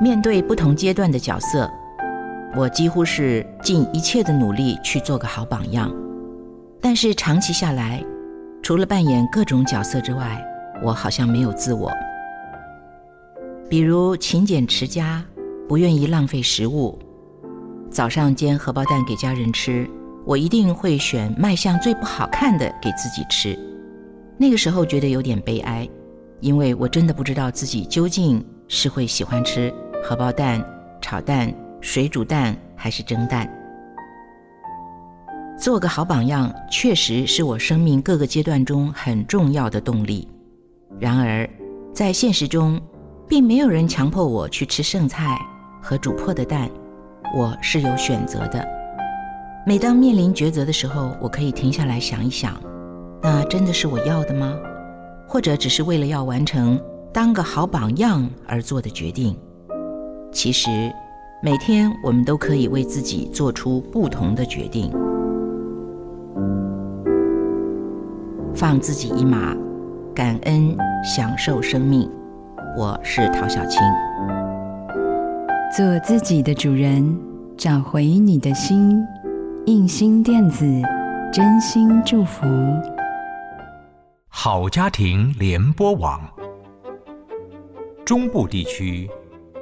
面對不同階段的角色，我幾乎是盡一切的努力去做個好榜樣。但是，長期下來，除了扮演各種角色之外，我好像沒有自我。比如勤儉持家，不願意浪費食物。早上煎荷包蛋給家人吃，我一定會選賣相最不好看的給自己吃。那個時候覺得有點悲哀，因為我真的不知道自己究竟是會喜歡吃，荷包蛋、炒蛋、水煮蛋還是蒸蛋？做個好榜樣，確實是我生命各個階段中很重要的動力。然而，在現實中，並沒有人強迫我去吃剩菜和煮破的蛋，我是有選擇的。每當面臨抉擇的時候，我可以停下來想一想：那真的是我要的嗎？或者只是為了要完成當個好榜樣而做的決定。其實，每天我們都可以為自己做出不同的決定，放自己一馬，感恩享受生命。我是陶曉清，做自己的主人，找回你的心。映興電子真心祝福，好家庭聯播網，中部地區。